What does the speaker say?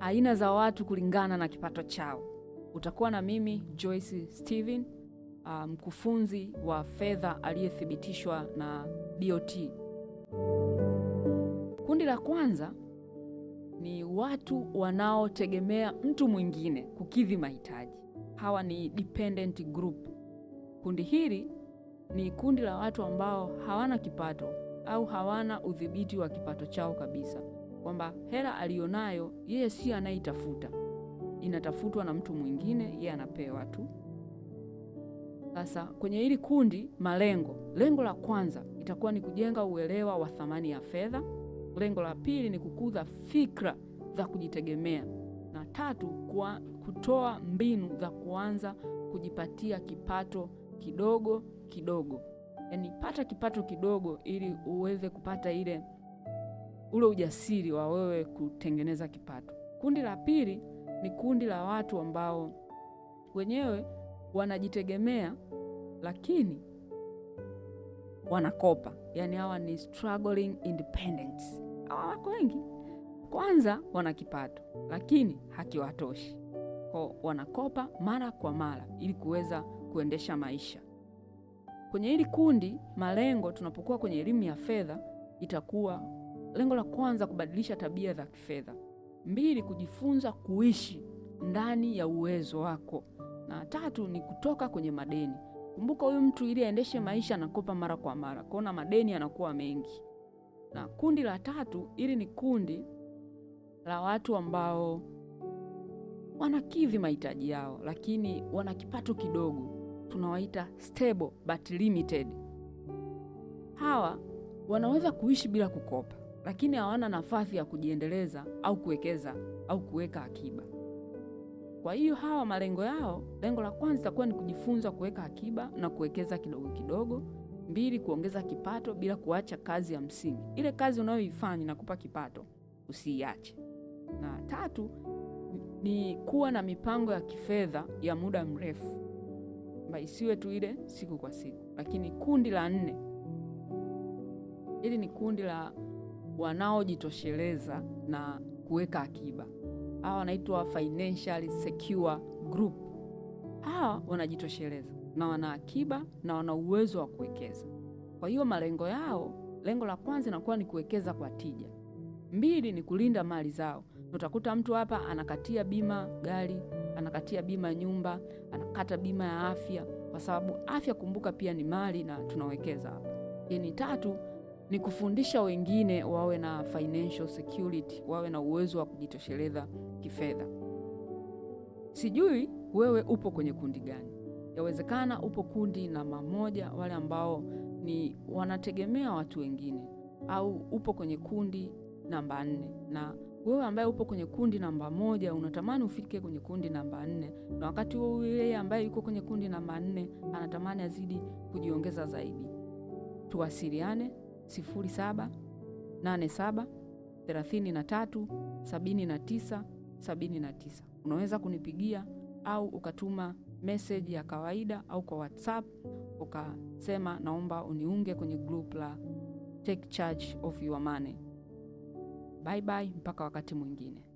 aina za watu kulingana na kipato chao. Utakuwa na mimi Joyce Steven, um, mkufunzi um, wa fedha aliyethibitishwa na BOT. Kundi la kwanza ni watu wanaotegemea mtu mwingine kukidhi mahitaji. Hawa ni dependent group. Kundi hili ni kundi la watu ambao hawana kipato au hawana udhibiti wa kipato chao kabisa, kwamba hela aliyonayo yeye sio anayeitafuta inatafutwa na mtu mwingine, yeye anapewa tu. Sasa kwenye hili kundi, malengo, lengo la kwanza itakuwa ni kujenga uelewa wa thamani ya fedha. Lengo la pili ni kukuza fikra za kujitegemea, na tatu, kwa kutoa mbinu za kuanza kujipatia kipato kidogo kidogo, yani pata kipato kidogo ili uweze kupata ile ule ujasiri wa wewe kutengeneza kipato. Kundi la pili ni kundi la watu ambao wenyewe wanajitegemea lakini wanakopa, yani hawa ni struggling independence. Hawa wako wengi, kwanza wana kipato lakini hakiwatoshi, kwa wanakopa mara kwa mara ili kuweza kuendesha maisha. Kwenye hili kundi malengo, tunapokuwa kwenye elimu ya fedha, itakuwa lengo la kwanza kubadilisha tabia za kifedha, mbili kujifunza kuishi ndani ya uwezo wako, na tatu ni kutoka kwenye madeni. Kumbuka huyu mtu ili aendeshe maisha anakopa mara kwa mara, kaona madeni anakuwa mengi. Na kundi la tatu, ili ni kundi la watu ambao wanakidhi mahitaji yao, lakini wana kipato kidogo tunawaita stable but limited. Hawa wanaweza kuishi bila kukopa, lakini hawana nafasi ya kujiendeleza au kuwekeza au kuweka akiba. Kwa hiyo hawa malengo yao, lengo la kwanza itakuwa ni kujifunza kuweka akiba na kuwekeza kidogo kidogo. Mbili, kuongeza kipato bila kuacha kazi ya msingi. Ile kazi unayoifanya inakupa kipato, usiiache. Na tatu ni kuwa na mipango ya kifedha ya muda mrefu kwamba isiwe tu ile siku kwa siku. Lakini kundi la nne, hili ni kundi la wanaojitosheleza na kuweka akiba. Hawa wanaitwa financially secure group. Hawa wanajitosheleza na wana akiba na wana uwezo wa kuwekeza. Kwa hiyo malengo yao, lengo la kwanza inakuwa ni kuwekeza kwa tija. Mbili ni kulinda mali zao. Utakuta mtu hapa anakatia bima gari anakatia bima ya nyumba, anakata bima ya afya, kwa sababu afya, kumbuka, pia ni mali na tunawekeza hapo. Ni tatu ni kufundisha wengine wawe na financial security, wawe na uwezo wa kujitosheleza kifedha. Sijui wewe upo kwenye kundi gani? Yawezekana upo kundi namba moja, wale ambao ni wanategemea watu wengine, au upo kwenye kundi namba nne na wewe ambaye upo kwenye kundi namba moja unatamani ufike kwenye kundi namba nne na wakati huo yeye ambaye yuko kwenye kundi namba nne anatamani azidi kujiongeza zaidi. Tuwasiliane 0787 33 Unaweza kunipigia au ukatuma meseji ya kawaida au kwa WhatsApp ukasema, naomba uniunge kwenye group la Take Charge of Your Money. Bye bye mpaka wakati mwingine.